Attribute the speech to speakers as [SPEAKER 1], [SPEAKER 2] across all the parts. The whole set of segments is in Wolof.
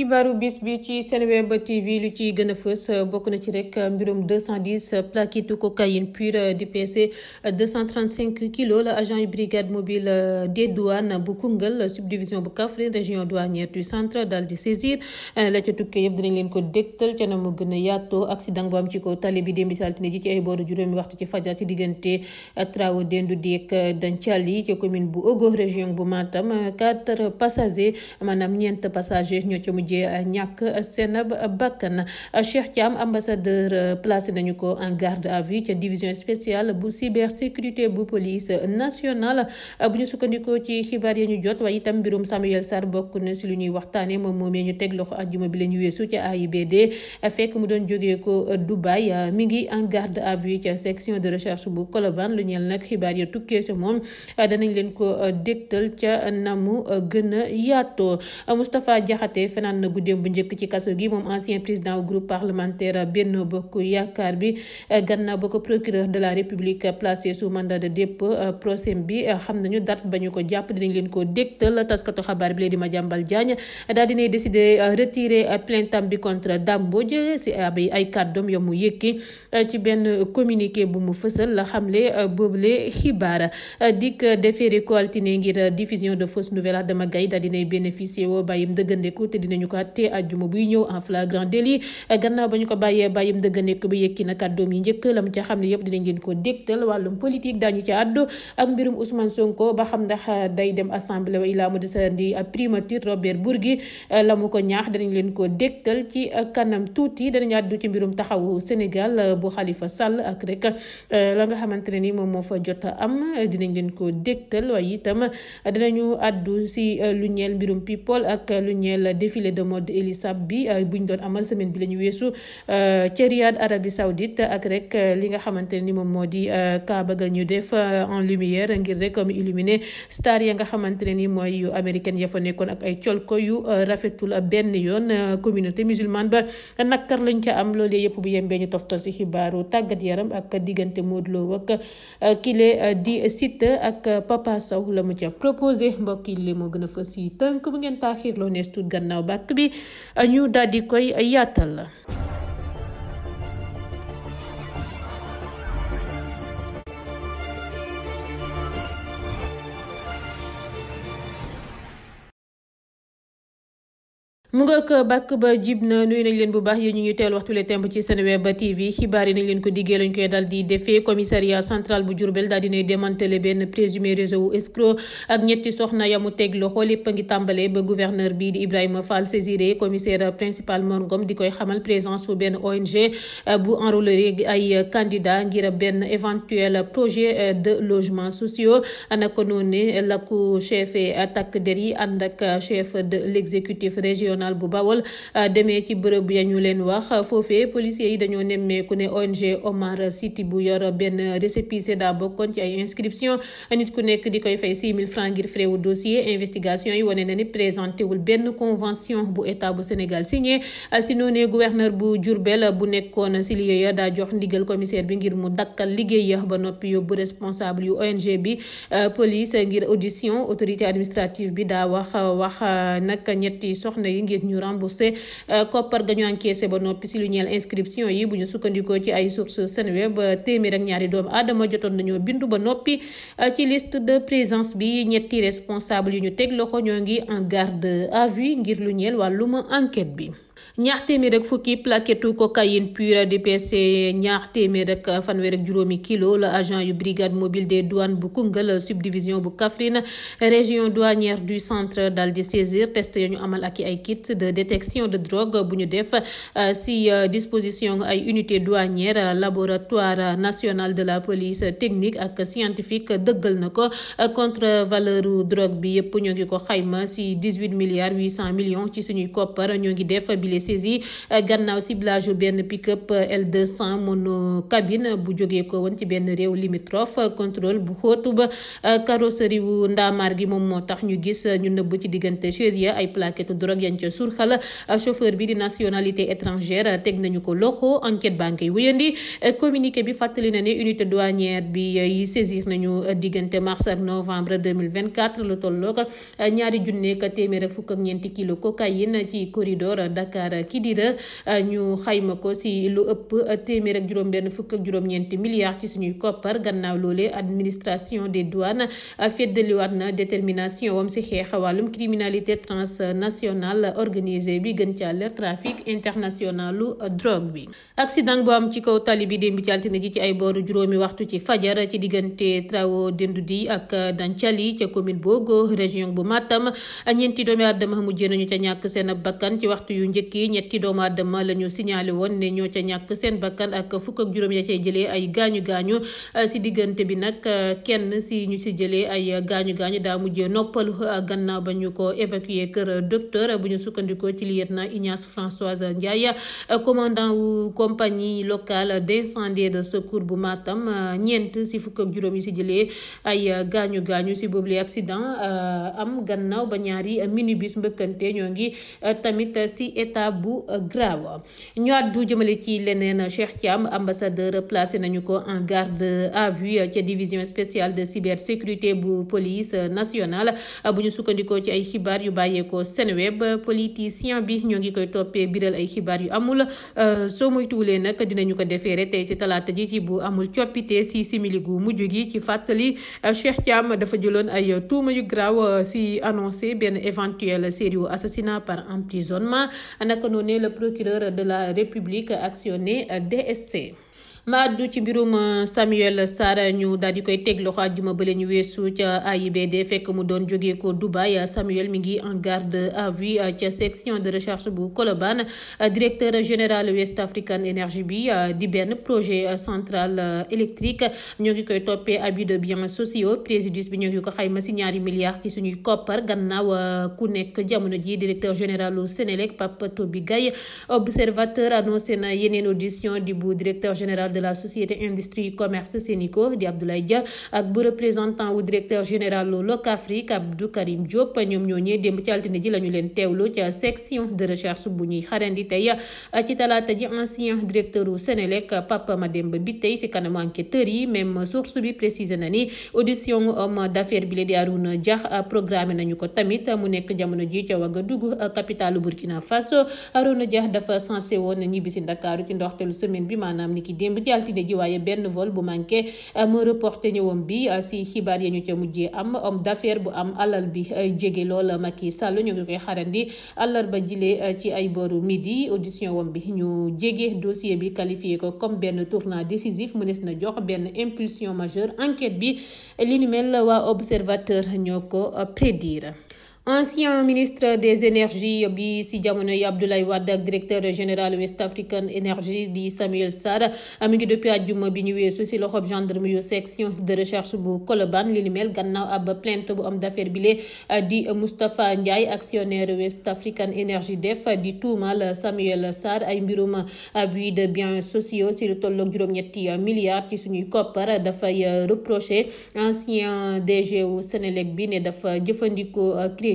[SPEAKER 1] xibaaru bis bi ci Senweb TV lu ci gën a fës bokk na ci rek mbirum 210 plaquettu cocaïne pure di PC 235 kilos la agent yu brigade mobile des douanes bu Koungheul subdivision bu Kaffrine région douanière du centre daal di saisir la ca tukkee yëpp dinañ leen ko dégtal ca na mu gën a yaatoo accident bu am ci ko tali bi démb si altine ji ci ay booru juróomi waxtu ci fajar ci diggante Trawo Dendu Diek Dancali ci commune bu Ogo région bu Matam quatre passagers maanaam ñeent mujjee ñàkk seen bakkan Cheikh Thiam ambassadeur placé nañu ko en garde à vue ca division spéciale bu cybersécurité bu police nationale bu ñu sukkandikoo ci xibaar yi ñu jot waaye itam mbirum Samuel Sarr bokk na si lu ñuy waxtaane moom moomee ñu teg loxo àjjuma bi la ñu weesu ca AIBD fekk mu doon jógee ko Dubaï mi ngi en garde à vue ca section de recherche bu Colobane lu ñeel nag xibaar ya tukkee si moom danañ leen ko dégtal ca namu gën a yaatoo Moustapha Diakhaté fànn bu démb bu njëkk ci kaso gi moom ancien président au groupe parlementaire Benno Bokk Yaakaar bi eh, gannaaw ba ko procureur de la république placé sous mandat de dépôt eh, procès bi eh, xam nañu date ba ko jàpp dinañ leen ko dégtal taskatu xabaar bi lee di Madiambal Diagne daal dinay décidé retirer plainte bi contre Dame si ab ay kàddoom yo mu yëkki ci benn communiqué bu mu fësal la xamle boobule xibaar dikk defeere ko altine ngir diffusion de fausse nouvelle Adama ko àttee àjjuma buy ñëw en flagrant délit gannaaw ba ñu ko bàyyee bàyyim dëgg nekk bi yëkki na kàddoom yi njëkk lam ca xam ne yëpp dinañ leen ko dégtal ci wa ilaa mu desandi primature la mu ko ñaax danañ leen ko dégtal ci kanam tuuti danañ àddu ci mbirum taxawu Sénégal bu Khalifa Sall ak rek euh, la nga xamante ne ni moom moo fa jot a am dinañ leen lu ñeel mbirum people ak lu ñeel défilé défilé de mode Elisab bi euh, buñ doon amal semaine bi la weesu euh, ca Arabie Saoudite ak rek euh, li nga xamante ni moom moo di Kaaba ga ñu def en lumière ngir rek comme illuminer star ya nga xamante ne ni mooy yu américaine ya fa nekkoon ak ay colko yu rafetul benn yoon communauté musulmane ba nakkar lañ ca am loolu yëpp bu yembee ñu toftal si xibaaru tàggat yaram ak diggante Modou Lo ak kile di Siteu ak Papa Sow la mu ca proposé mbokk moo gën a fës yi tënk rakk bi ñu daal di koy mu nga bàkk ba jib na nuyu nañ leen bu baax yéen ñu ñu teel waxtu le temb ci Senweb TV xibaar yi nañ leen ko diggee lañ koy dal di defee commissariat central bu Diourbel daal dinay démantelé benn présumé réseau escroc ak ñetti soxna yamu teg loxo lépp a ngi tàmbale ba gouverneur bii di Ibrahima Fall saisiré commissaire principal Mor di koy xamal présence su benn ONG euh, bu enrôler ay euh, candidat ngir benn éventuel projet euh, de logement sociaux naka noonu ne la ko chef takk der yi ànd ak chef de l' exécutif régional national bu Bawol euh, demee ci bërëb ya ñu leen wax foofee policiers yi dañoo nemmeeku ne ONG Omar City bu yor benn récépissé daa bokkoon ci ay inscription nit ku nekk di koy fay 6 000 francs ngir frais wu dossier investigation yi wane na ni présenté benn convention bu état bu Sénégal signé euh, si noonee gouverneur bu Diourbel bu nekkoon si liggéey ya daa jox ndigal commissaire bi ngir mu dakkal liggéey ya ba noppi yóbbu responsable yu ONG bi euh, police ngir audition autorité administrative bi daa wax wax ngir ñu remboursé euh, koppar ga ñu ba noppi si lu ñeel inscription yi bu ñu sukkandikoo ci ay sources Senweb téeméer ak ñaari doomu aadama jotoon nañoo bindu ba noppi euh, ci liste de présence bi ñetti responsable yu ñu teg loxo ñoo ngi en garde à vue ngir lu ñeel wàllum enquête bi. ñaar téeméer ak fukki plaquettu cocaïne pure di pese ñaar téeméer ak fanweer ak juróomi kilo la agent yu brigade mobile des douanes bu Koungheul subdivision bu Kaffrine région douanière du centre dal di saisir test ya ñu amal ak ay kit de détection de drogue bu ñu def euh, si euh, disposition ay unité douanière laboratoire national de la police technique ak scientifique dëggal na ko contre valeur drogue bi yëpp ñoo ngi ko xayma si dix huit milliards huit cent millions ci suñuy koppar les saisi euh, gannaaw ciblage benn pick-up euh, L200 monocabine bu jógee ko woon ci benn réew limitrophe euh, contrôle bu xóotu ba carrosserie wu ndaamaar gi moom moo tax ñu gis ñu nëbb ci diggante chaise ya ay plaquettes drogue yañ ca surxal chauffeur bi di nationalité étrangère teg nañu ko loxo enquête baa ngi koy wéyandi communiqué bi fàttali na ne unité douanière bi yi saisir nañu diggante mars ak novembre 2024 lu tolloog ñaari junneeg téeméer ak fukk ak ñeenti kilo Dakar Kidira ñu xayma ko si lu ëpp téeméer ak juróom fukk ak ñeenti milliards ci suñuy koppar gannaaw loolee administration des douanes feddaliwaat na détermination wam si xeex wàllum criminalité transnationale organisée bi gën ca leer trafic internationalu drogue bi. accident bu am ci kaw tali bi démb ci altine ji ci ay booru juróomi waxtu ci fajar ci diggante Trawo Dendoudi ak Dancali ca commune Bogo région bu Matam ñeenti doomi aadama mujjee nañu ca ñàkk seen Turquie ñetti doomu aadama la ñu woon ne ñoo ca ñàkk seen bakkan ak fukk ak juróom ya cay jëlee ay gaañu gaañu euh, si diggante bi nag euh, kenn si ñu si jëlee ay gaañu gaañu daa mujjee noppalu euh, gannaaw ba ñu ko évacuer kër docteur bu ñu sukkandikoo ci lieutenant Ignace Françoise Ndiaye commandant wu compagnie locale d'incendie et de secours bu Matam ñeent si fukk ak juróom yi si jëlee ay gaañu gaañu si boobule accident am gannaaw ba ñaari minibus mbëkkante ñoo ngi tamit si état bu euh, grave ñu àddu jëmale ci leneen Cheikh Thiam ambassadeur placé nañu ko en garde à vue ca division spéciale de cybersécurité bu police nationale bu ñu sukkandikoo ci ay xibaar yu bàyyeekoo Senweb politicien bi ñoo ngi koy toppee biral ay xibaar yu amul euh, soo moytuwulee nag dinañu ko defeere tey ci talaata ji ci bu amul coppite si simili gu mujj gi ci fàttali euh, Cheikh Thiam dafa jëloon ay tuuma yu grave si annoncé benn éventuel sérieux assassinat par emprisonnement naka noonee le procureur de la république actionné DSC. ma addu ci mbirum euh, Samuel Sarr ñu daal di koy teg loxo àjjuma ba ñu weesu ca AIBD fekk mu doon jógee ko Dubaï Samuel mi ngi en garde à vue euh, ca section de recherche bu Colobane euh, directeur général West African Energy bi di benn projet central électrique ñoo ngi koy toppee abus de biens sociaux préjudice bi ñoo ngi ko xayma si ñaari milliards ci suñuy koppar gannaaw ku nekk jamono ji directeur général Sénélec Pape Toby Gaye observateur annoncé na yeneen audition di bu directeur général général de la société industrie commerce Sénico di Abdoulaye Dia ak bu représentant wu directeur général lu Locafrique Abdou Karim Diop ñoom ñoo démb ci altine ji la ñu leen teewlu ca section de recherche bu ñuy xarandi tey ci talaata ji ancien directeur wu Sénélec Papa Mademba Bitèye si kanam enquêteurs yi source bi précisé na ni audition homme d'affaires bi di Arouna Dia programmé nañu ko tamit mu nekk jamono ji ca Ouagadougou capitale Burkina Faso Arouna ci altine ji waaye benn vol bu manqué euh, mu reporté ñëwam bi euh, si xibaar yi ñu ca mujjee am homme d'affaires bu am alal bi euh, jege lool Macky Sall ñu ngi koy xarandi ba jile ci ay booru midi audition wam bi ñu jege dossier bi qualifié ko comme benn tournant décisif mënees na jox benn impulsion majeure enquête bi li ni mel waa observateur ñoo ko prédire ancien ministre des énergies bi si jamono yi Abdoulaye Wade ak directeur général West African Energy di Samuel Sarr ah, mi ngi depuis àjjuma bi ñu su si loxob gendarme yu section de recherche bu Colobane li li mel gannaaw ab plainte bu homme d'affaires bile ah, di Moustapha Ndiaye actionnaire West African Energy def di tuumal Samuel Sarr ay mbirum abus de biens sociaux si lu tolloog juróom-ñetti milliards ci suñuy koppar dafay reproché ancien DG wu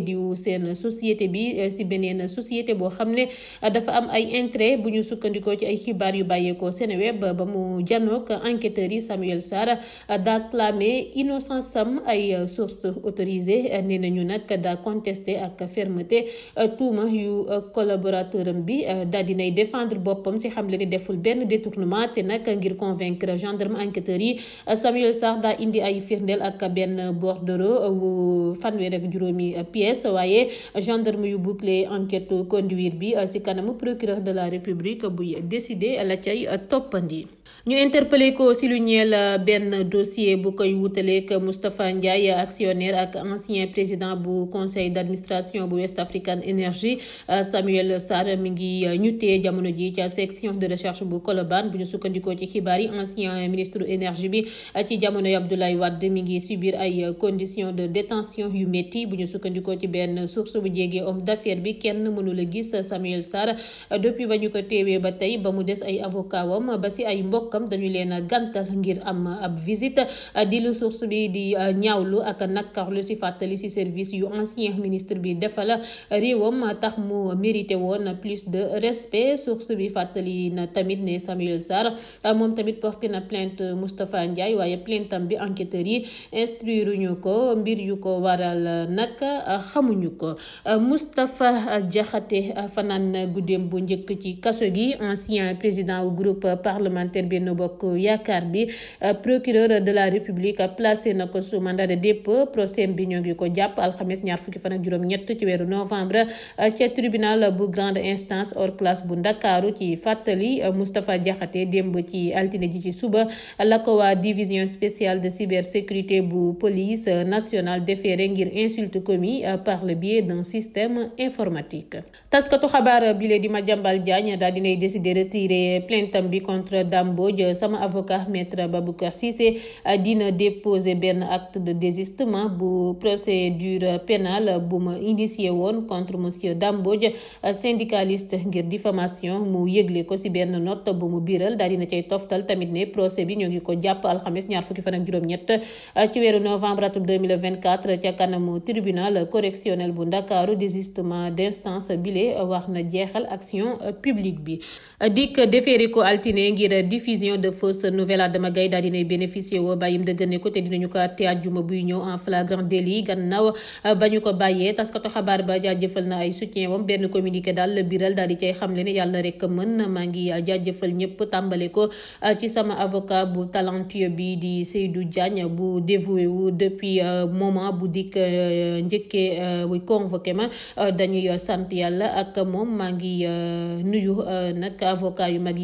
[SPEAKER 1] crédit seen société bi euh, si beneen société boo xam ne euh, dafa am ay intérêt bu ñu sukkandikoo ci ay xibaar yu bàyyeekoo Seneweb ba mu janook enquêteurs yi Samuel Sarr euh, daa clamé innocence sam ay sources autorisées nee nañu nag daa contesté ak fermeté tuuma yu collaborateur am bi daal dinay défendre boppam si xam le deful benn détournement te nag ngir convaincre gendarme enquêteurs yi Samuel Sarr daa indi ay firndeel ak benn bordereau fanweer ak juróomi pièces Thiès waaye gendarme yu boucler enquête conduire bi ci kanamu procureur de la république buy décider la cay toppandi ñu interpellé ko si lu ñeel euh, benn dossier bu koy wutaleeg Moustapha Ndiaye actionnaire ak ancien président bu conseil d' administration bu West African Energy euh, Samuel Sarr mi ngi euh, ñu tee jamono ji ca section de recherche bu Colobane bu ñu sukkandikoo ci xibaar yi ancien ministre énergie bi ci jamono yi Abdoulaye Wade mi ngi subir ay condition de détention yu métti bu ñu sukkandikoo ci benn source bu jege om d' affaire bi kenn mënula gis Samuel Sarr depuis ba ñu ko teewee ba tey ba mu des ay avocat mbokkam dañu leen gantal ngir am ab visite di lu source bi di euh, ñaawlu ak nakkarlu si fàttali si service yu ancien ministre bi defal réewam tax mu mérité woon plus de respect source bi fàttali na tamit ne Samuel Sarr moom tamit porté na plainte Moustapha Ndiaye waaye plaintam bi enquêteurs yi instruire ñu ko mbir yu ko waral nag xamuñu ko Moustapha Diakhaté fanaan guddeem bu njëkk ci kaso gi ancien président groupe parlementaire parcelle benn bokk yaakaar bi euh, procureur de la république placé na ko sous mandat de dépôt procès bi ñoo ngi ko jàpp alxames ñaar fukki fan juróom-ñett ci weeru novembre euh, ca tribunal bu grande instance hors classe bu ndakaaru ci fàttali euh, Moustapha Diakhaté démb ci altine ji ci suba la ko waa division spéciale de cybersécurité bu police nationale déféré ngir insulte commis par le biais système informatique taskatu xabaar bi di Madiambal Diagne daal dinay décider retirer plaintam bi Mbodj sama avocat maître Baboucar Cissé dina déposer benn acte de désistement bu procédure pénale bu ma initié woon contre monsieur Dame Mbodj syndicaliste ngir diffamation mu yëgle ko ci benn note bu mu biiral daal dina cay toftal tamit ne procès bi ñoo ngi ko jàpp alxames ñaar fukki fan ak juróom-ñett ci weeru novembre atum ca kanamu tribunal correctionnel bu Ndakaaru désistement d'instance bile wax na jeexal action publique bi dikk déféri ko altine ngir diffusion de fausse nouvelle Adama Gaye daal dinay bénéficié woo bàyyim dëggane ko te dinañu ko àtte àjjuma buy ñëw en flagrant délit gannaaw euh, ba ñu ko bàyyee taskatu xabaar ba jaajëfal na ay soutien wam benn communiqué daal la biral daal di cay xamle ne yàlla rek mën maa ngi euh, jaajëfal ñëpp tàmbale ko euh, ci sama avocat bu talentueux bi di Seydou Diagne bu dévoué wu depuis moment bu dikk njëkkee bu convoqué ma dañuy sant yàlla ak moom maa ngi nuyu nag avocat yu mag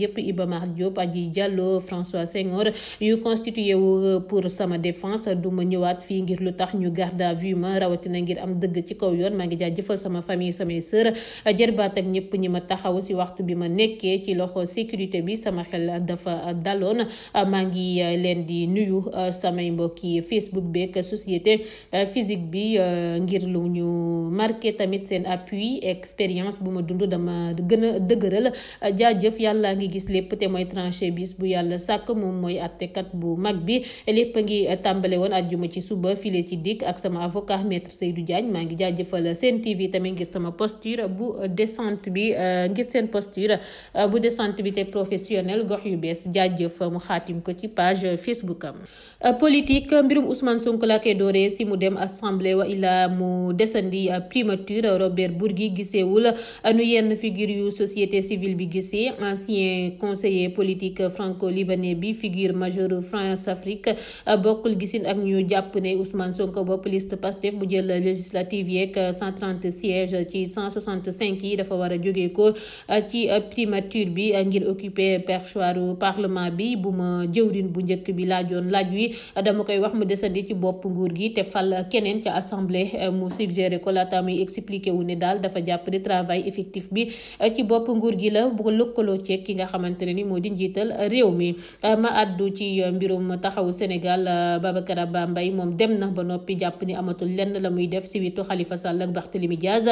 [SPEAKER 1] Diallo François Senghor yu constitué wu euh, pour sama défense du ma ñëwaat fii ngir lu tax ñu garde à ma rawatina ngir am dëgg ci kaw yoon maa ngi jaajëfal sama famille samay sœur jërbaat ak ñëpp ñi ma taxaw si waxtu bi ma nekkee ci loxo sécurité bi sama xel dafa daloon maa ngi euh, leen di nuyu euh, samay mbokki Facebook beeg société physique bi ngir lu ñu marke tamit seen appui expérience bu ma dund dama gën a dëgëral jaajëf yàlla ngi gis lépp te mooy tranché bis bu yàlla sàkk moom mooy àttekat bu mag bi lépp a ngi tàmbale woon àjjuma ci suba file ci dikk ak sama avocat maître Seydou Diagne maa ngi jaajëfal seen TV tamit ngir bu décente bi euh, ngir seen posture euh, bu décente bi te professionnel gox yu bees jaajëf mu xaatim ko ci page Facebook am euh, politique mbirum Ousmane Sonko la koy dooree si mu dem assemblée wa illa mu desandi primature Robert Bourgui giseewul nu yenn figure yu société civile bi gisee ancien conseiller politique franco-libanais bi figure majeure France Afrique euh, bokkul gisin ak ñu jàpp ne Ousmane Sonko bopp liste Pastef bu jël législative yeeg 130 ci yi dafa war a jógee ko euh, ci euh, primature bi ngir occuper perchoiru parlement bi bu ma jëwrin bu njëkk bi laajoon laaj wi dama koy wax mu desandi ci bopp nguur gi te fal keneen ca assemblée mu suggéré ko laata muy expliqué wu daal dafa jàpp ne travail effectif bi ci bopp nguur gi la bu ko lëkkaloo ceeg ki nga xamante ne ni moo réew mi euh, ma àddu ci euh, mbirum taxawu Sénégal euh, Babacar ba mbay moom dem na ba noppi jàpp ni amatul lenn la muy def si witu Khalifa Sall ak Barthélemy Diaz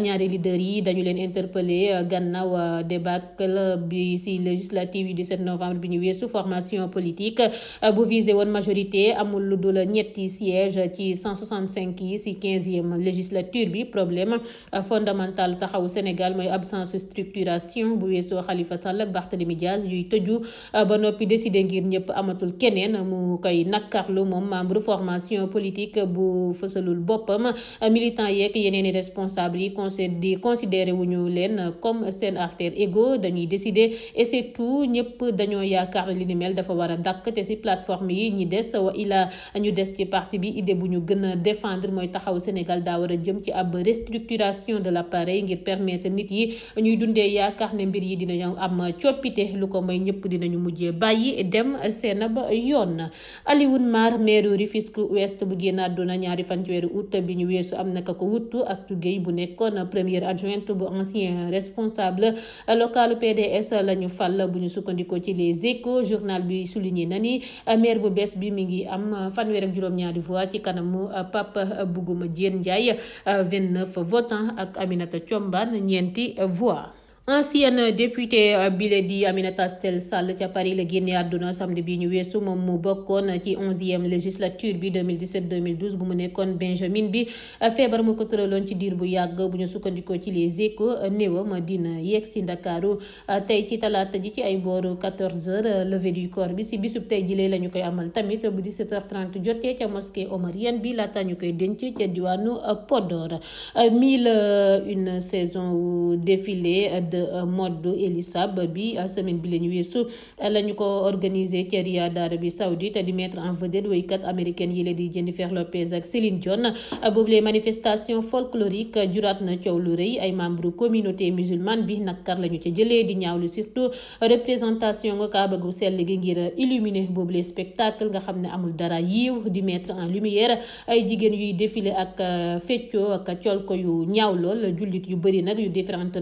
[SPEAKER 1] ñaari leader yi dañu leen interpellé gannaaw débâcle bi si législative yi 17 novembre bi ñu weesu formation politique bu visé woon majorité amul lu dul ñetti siège ci cent cinq yi si 15e législature bi problème fondamental taxawu Sénégal mooy absence structuration bu weesoo Khalifa Sall ak Euh, ba noppi décidé ngir ñëpp amatul keneen mu koy nakkarlu moom membre formation politique bu fësalul boppam euh, militant yeeg yeneen i responsable yi conseil di considéré wuñu leen comme seen alter ego dañuy décider et c'est ñëpp dañoo yaakaar na ni mel dafa war a dakk te si plateforme yi ñi des wa ila ñu des ci parti bi idée bu ñu gën a défendre mooy taxaw Sénégal daa war a jëm ci ab restructuration de l'appareil ngir permettre nit yi ñuy dundee yaakaar ne mbir yi dina am coppite dinañu mujjee bàyyi dem seen ba yoon Alioune Mar maire Rufisque Ouest bu génn àdduna ñaari fan ci weeru août bi ñu weesu am naka ko wuttu Astou Guèye bu nekkoon première adjointe bu ancien responsable local PDS la ñu fal bu ñu sukkandiku ci les échos journal bi souligné na ni maire bu bees bi mi ngi am fanweer ak juróom-ñaari voix ci kanamu Papa Bougouma Diène Ndiaye 29 votants ak Aminata Thiombane ñeenti voix ancienne député euh, bile di Aminata Stel Sall ca Paris la génne àdduna samedi bi ñu weesu moom mu bokkoon ci onzième législature bi 2017 bu mu nekkoon Benjamin bi feebar mu ko tëraloon ci diir bu yàgg bu ñu sukkandikoo ci les échos néewam dina yegg Ndakaaru euh, tey ci talaata ji ci ay booru 14h euh, levée corps bi si bisub tey jilee la ñu koy amal tamit bu 17h30 jotee ca mosquée omarienne bi laata ñu koy denc ca diwaanu Podor mille une saison défilé. de euh, mode Elisab bi euh, semaine bi la ñu weesu euh, la ñu ko organisé ci Riyad Arabie Saoudite di mettre en vedette woykat américaine yi la di Jennifer Lopez ak Céline Dion boobule manifestation folklorique juraat na coow lu rëy ay membre communauté musulmane bi nakar la ñu ca jëlee di ñaawlu surtout représentation nga kaaba gu sell gi ngir illuminer boobule spectacle nga xam ne amul dara yiiw di mettre en lumière ay jigéen yuy défilé ak feccoo ak col ko yu ñaaw lool jullit yu bëri nag yu différentes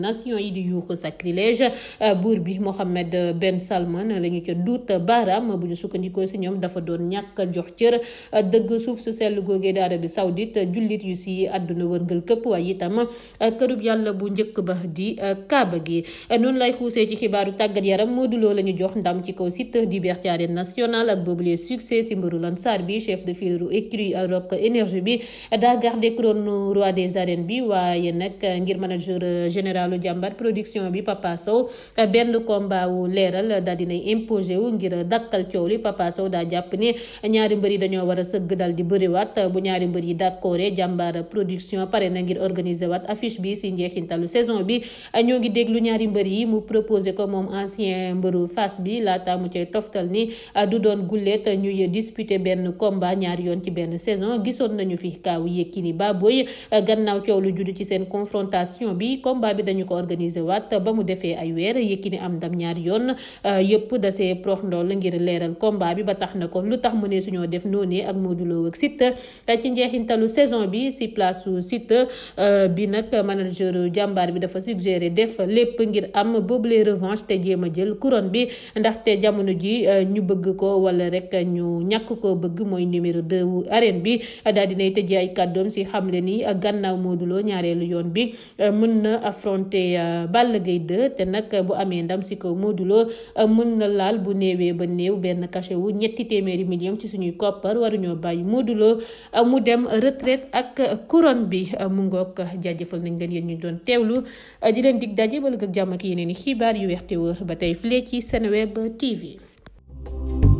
[SPEAKER 1] ko sacrilège euh, buur bi Mohammed euh, Ben Salman la ñu ca duut baaraam bu ñu sukkandikoo si ñoom dafa doon ñàkk jox cër euh, dëgg suuf su sell googee daara bi saoudite jullit yu si àdduna wërngal këpp waaye itam kërub yàlla bu njëkk ba di kaaba gi noonu lay xuusee ci xibaaru tàggat yaram Modou Lo la ñu jox ndam ci kaw site Liberté Arène Nationale ak boobule succès si mbaru Lansar bi chef de file écurie Rock Énergie bi daa gardé couronne roi des arènes bi waaye nag élection bi Papa Sow eh, benn combat wu leeral daal dinay imposé wu a dakkal coow li Papa Sow daa jàpp ne ñaari mbër yi dañoo war a sëgg dal di bëriwaat bu ñaari mbër yi d'accordé jàmbaar production pare na ngir organiser waat affiche bi si njeexintalu saison bi ñoo ngi déglu ñaari mbër yi mu proposé ko moom ancien mbëru fas bi laa mu cay toftal ni eh, du doon gulleet ñuy disputé benn combat ñaari yoon ci benn saison gisoon nañu fi kaaw Yékini Baboy eh, gannaaw coow lu seen confrontation bi combat bi dañu ñëwaat ba mu defee ay weer Yékini am ndam ñaari yoon euh, yëpp da see prox ndool ngir leeral combat bi ba tax na ko lu tax mu ne suñoo def noonu ak Modou Lo ak Siteu euh, ci njeexintalu saison bi si place su Siteu euh, bi nag manager jàmbaar bi dafa suggéré def lépp ngir am boobule revanche te jéem a jël couronne bi ndaxte jamono ji ñu bëgg ko wala rek ñu ñàkk ko bëgg mooy numéro 2 wu arène bi daal dinay tëjee ay kàddoom si xamle ni gannaaw Modou Lo ñaareelu yoon bi mën na affronter Balla Balla Gaye te nag bu amee ndam si kaw Modou mën na laal bu néewee ba néew benn cachet wu ñetti téeméeri million ci suñuy koppar waruñoo bàyyi Modou Lo mu dem retraite ak couronne bi mu ngoog jaajëfal nañ leen yéen ñu doon teewlu di leen dig daje ba ak jàmm ak yeneen xibaar yu weex te wër ba tey file ci Seneweb TV.